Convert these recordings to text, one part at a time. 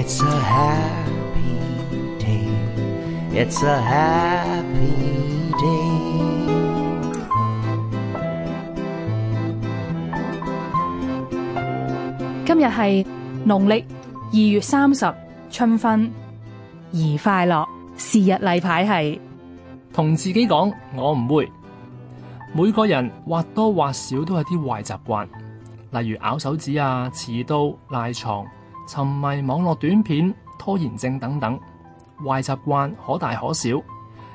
It's a happy day, it's a happy day 今日係農曆二月三十，春分，宜快樂。是日例牌係同自己講，我唔會。每個人或多或少都有啲壞習慣。例如咬手指啊、遲到、賴床、沉迷網絡短片、拖延症等等，壞習慣可大可小。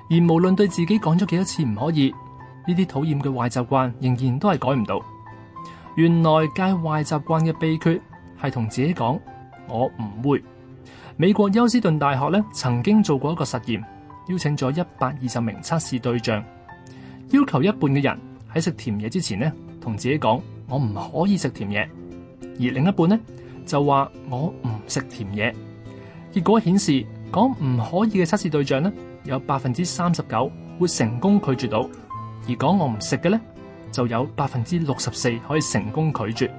而無論對自己講咗幾多次唔可以，呢啲討厭嘅壞習慣仍然都係改唔到。原來戒壞習慣嘅秘訣，係同自己講：「我唔會」。美國休斯頓大學咧曾經做過一個實驗，邀請咗一百二十名測試對象，要求一半嘅人喺食甜嘢之前咧同自己講。我唔可以食甜嘢，而另一半呢就話我唔食甜嘢。結果顯示，講唔可以嘅測試對象呢，有百分之三十九會成功拒絕到；而講我唔食嘅呢，就有百分之六十四可以成功拒絕。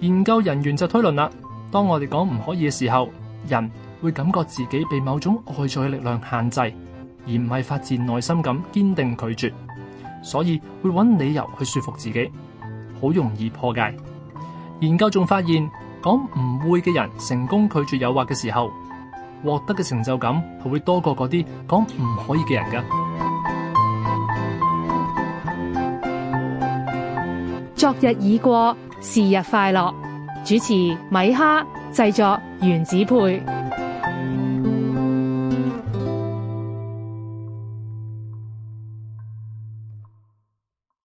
研究人員就推論啦，當我哋講唔可以嘅時候，人會感覺自己被某種外在嘅力量限制，而唔係發自內心咁堅定拒絕，所以會搵理由去說服自己，好容易破戒。研究仲發現，講唔會嘅人成功拒絕誘惑嘅時候，獲得嘅成就感係會多過嗰啲講唔可以嘅人噶。昨日已過，是日快樂。主持米哈，製作原子配。